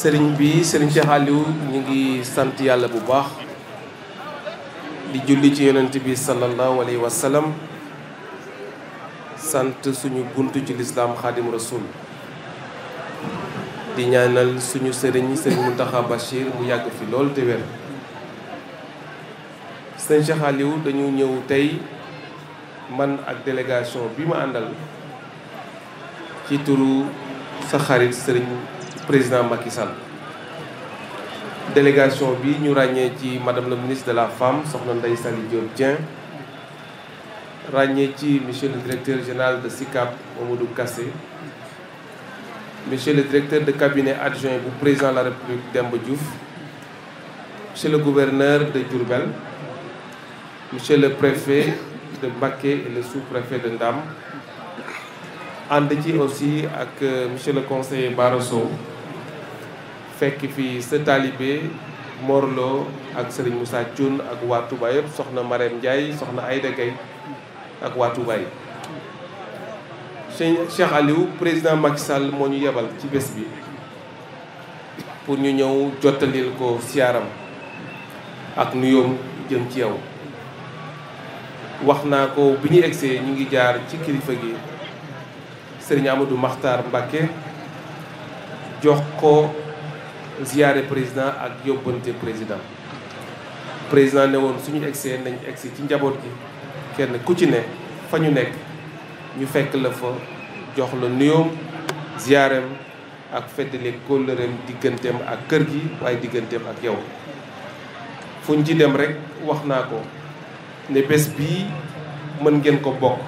sëriñ bi sëriñ Cheikh Aliou ñu ngi sant yàlla bu baax di julli ci yonent bi sallallahu alayhi wa sallam sant suñu bunt ci lislaam xaadim rasul di ñaanal suñu sëriñ sëriñ Mountakha Bachir mu yàgg fi lool te wér sëriñ Cheikh dañu ñëw tey man ak délégation bi ma àndal ci turu sa xarit sëriñ président Macky délégation bi ñu ràññee ci madame la ministre de la femme soxna Ndeye Saly Diop Dieng ràññee ci monsieur le directeur général de SICAP Mamadou Kassé monsieur le directeur de cabinet adjoint bu président la république Demba Diouf monsieur le gouverneur de Diourbel monsieur le préfet de Mbacké et le sous-préfet de Ndam ànd ci aussi ak euh, monsieur le conseiller Barasso fekk fii sa taalibe Morlo ak Serigne Moussa Thioune ak waa Touba soxna Marème Ndiaye soxna Aïda Gueye ak waa Touba yi. président Macky Sall moo ñu yebal ci bés bi pour ñu ñëw jottalil ko siyaaram ak nuyoom jëm ci yow wax naa ko bi ñu egsee ñu ngi jaar ci kilifa gi Serigne Amadou Makhtar Mbacké jox ko. ziyaare président ak yóbbante président président ne woon suñu egsee nañ egsi ci njaboot gi kenn ku ci ne fa ñu nekk ñu fekk la fa jox la nuyoom ziyaareem ak feddali kóllëreem digganteem ak kër gi waaye digganteem ak yow fu ñu ci dem rek wax naa ko ne bés bii mën ngeen ko bokk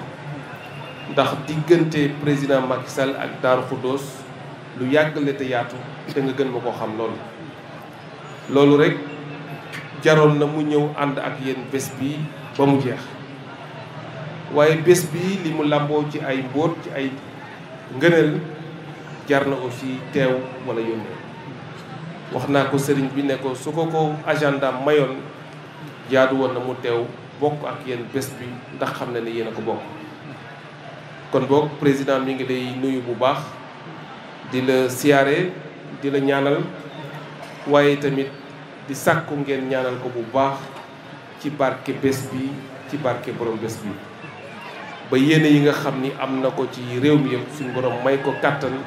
ndax diggante président Macky Sall ak Darou Khoudoss lu yàgg la te yaatu te nga gën ma koo xam loolu loolu rek jaroon na mu ñëw ànd ak yenn bés bi ba mu jeex waaye bés bi li mu làmboo ci ay mbóot ci ay ngëneel jar na aussi teew wala yónnee wax naa ko sëriñ bi ne ko su ko ko agenda mayoon jaadu woon na mu teew bokk ak yenn bés bi ndax xam na ne yéen a ko bokk kon boog président mi ngi day nuyu bu baax di la siyaare di la ñaanal waaye tamit di sàkku ngeen ñaanal ko bu baax ci barke bés bi ci barke borom bés bi ba yéene yi nga xam ni am na ko ci réew mi yëpp suñu borom may ko kàttan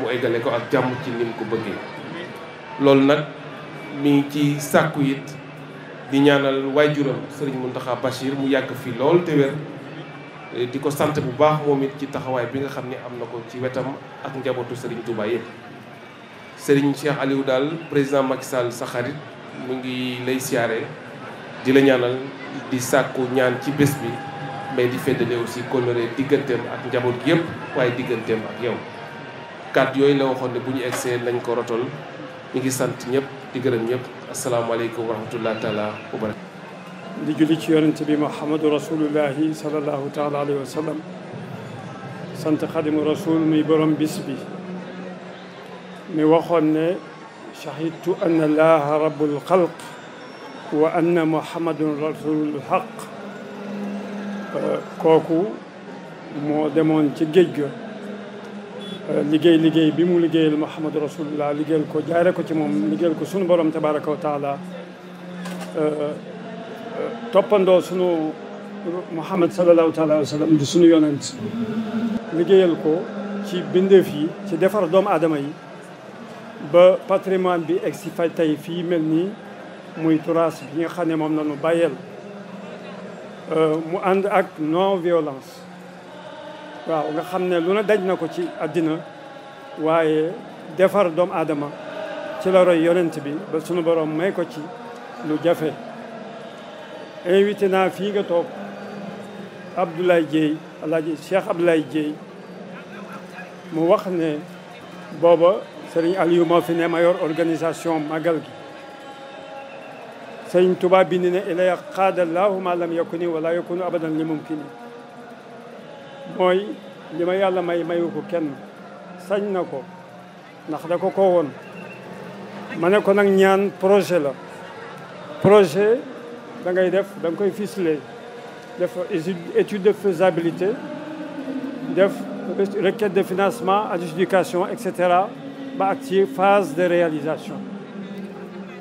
mu eggale ko ak jàmm ci nim ko bëggee loolu nag mi ngi ci sàkku it di ñaanal waajuram sëriñ Mountakha Bachir mu yàgg fi lool te wér di ko sant bu baax moom it ci taxawaay bi nga xam ni am na ko ci wetam ak njabootu Serigne Touba yëpp sëriñ Cheikh Aliou daal président Macky Sall sa xarit mu ngi lay siyaare di la ñaanal di sàkku ñaan ci bés bi mais di feddale aussi coloré digganteem ak njaboot gi yëpp waaye digganteem ak yow kàddu yooyu la waxoon ne bu ñu egsee lañ ko rotol ñu ngi sant ñëpp di gërëm ñëpp asalaamaaleykum wa rahmatullah taala wa di julli ci yonent bi muhammadu rasulullahi salallahu taala alayhi wa sallam sant xadimu rasul muy borom bis mi waxoon ne shahidtu anna allaha rabbul xalq wa anna muhammadun rasulul haq euh, kooku moo demoon ci géej ga euh, liggéey liggéey bi mu liggéeyal muhammadu rasulullah liggéeyal ko jaare ko ci moom liggéeyal ko sunu borom tabaraka wa taala euh, toppandoo sunu Muhammad sallallahu taala wa sallam di sunu yonent liggéeyal ko ci bindeef yi ci defar doomu adama yi ba patrimoine bi si fa tey fii mel nii muy turaas bi nga xam ne moom la ñu bàyyeel euh, mu ànd ak non violence waaw nga xam ne lu na daj na ko ci àddina waaye defar doomu aadama ci la roy yonent bi ba sunu borom may ko ci lu jafe invité naa fii nga toog Abdoulaye Dieye alaaji Cheikh Abdoulaye Dieye mu wax ne booba Serigne Aliou fi ne mayor organisation magal gi Serigne Touba bind ne ilaya xaadallahu ma lam yakuni wala yakunu abadan li mumkini mooy li yàlla may mayu ko kenn sañ na ko ndax da ko ko woon ma ne ko nag ñaan projet la projet da ngay def da nga koy ficeler def étude de faisabilité def requête de financement adjudication et cetera ba ak ci phase de réalisation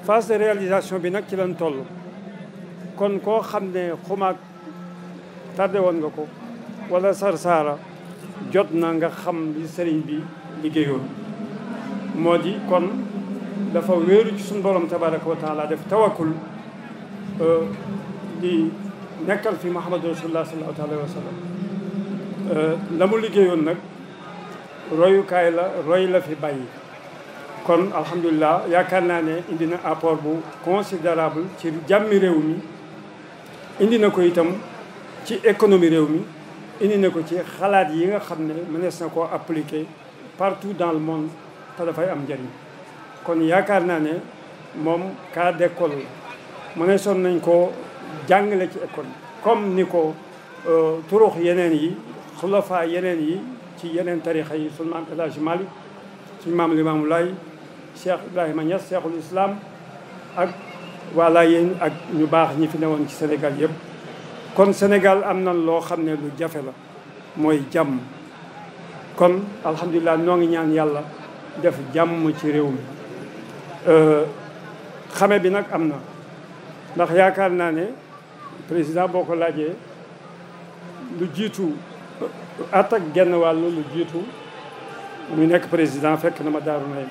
phase de réalisation bi nag ci lañ toll kon koo xam ne xumaag tardé woon nga ko wala sarsaara jot na nga xam li sëriñ bi liggéeyoon moo di kon dafa wéeru ci suñu borom tabaraka wa taala def tawakul di nekkal fi Muhammadu Rasulullah sallallahu alayhi wa sallam liggéeyoon nag royukaay la roy la fi bàyyi kon alhamdulilah yaakaar naa ne indi na apport bu considérable ci jàmmi réew mi indi na ko itam ci économie réew mi indi na ko ci xalaat yi nga xam ne mënees na ko appliquer partout dans le monde te dafay am njëriñ kon yaakaar naa ne moom cas d'école la mu ne son nañ ko jàngale ci école comme ni ko euh, turux yeneen yi xulafa yeneen yi ci yeneen tarixa yi suñu maam El Hadj Malick suñu maam Limaamu Laay Cheikh Ibrahima Niass Cheikhul Islam ak waa Laayeen ak ñu baax ñi fi newoon ci senegal yëpp kon Sénégal am na loo xam ne lu jafe la mooy jàmm kon alhamdulilah noo ngi ñaan yàlla def jàmm ci réew mi euh, xame bi nag am na ndax yaakaar naa ne président boo ko laajee lu jiitu at genn wàll lu jiitu mu nekk président fekk na ma daaru nay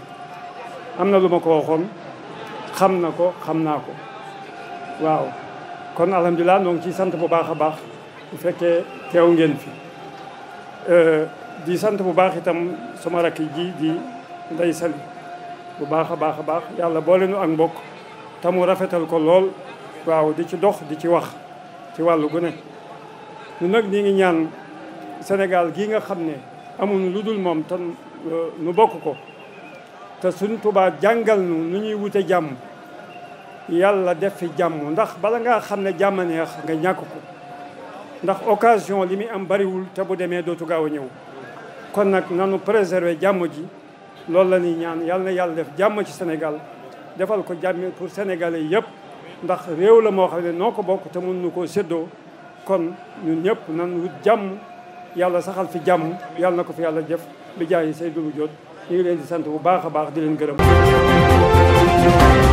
am na lu ma ko waxoon xam na ko xam naa ko waaw kon alhamdulilah noo ngi ciy sant bu baax a baax bu fekkee teew ngeen fi euh, di sant bu baax itam sama rakk ji di nday sali bu baax a baax a baax yàlla boole nu ak mbokk te rafetal ko lool waaw di ci dox di ci wax ci wàllu gu ne ñu nag ñi ngi ñaan Sénégal gii nga xam ne amul lu dul moom te euh, nu bokk ko te suñ tubaat jàngal nu nu ñuy wute jàmm yàlla def fi jàmm ndax bala nga xam ne jàmm neex nga ñàkk ko ndax occasion li muy am bariwul te bu demee dootu gaaw a ñëw kon nag nanu préserver jàmm ji loolu la ñuy ñaan yàlla na yàlla def jàmm ci Sénégal defal ko jàmmi pour sénégalais yëpp ndax réew la moo xam ne noo ko bokk te mën nu koo séddoo kon ñun ñëpp nan wut jàmm yàlla saxal fi jàmm yàlla na ko fi yàlla jëf bi jaay yi say dubu jot ñu ngi leen di sant bu baax a baax di leen gërëm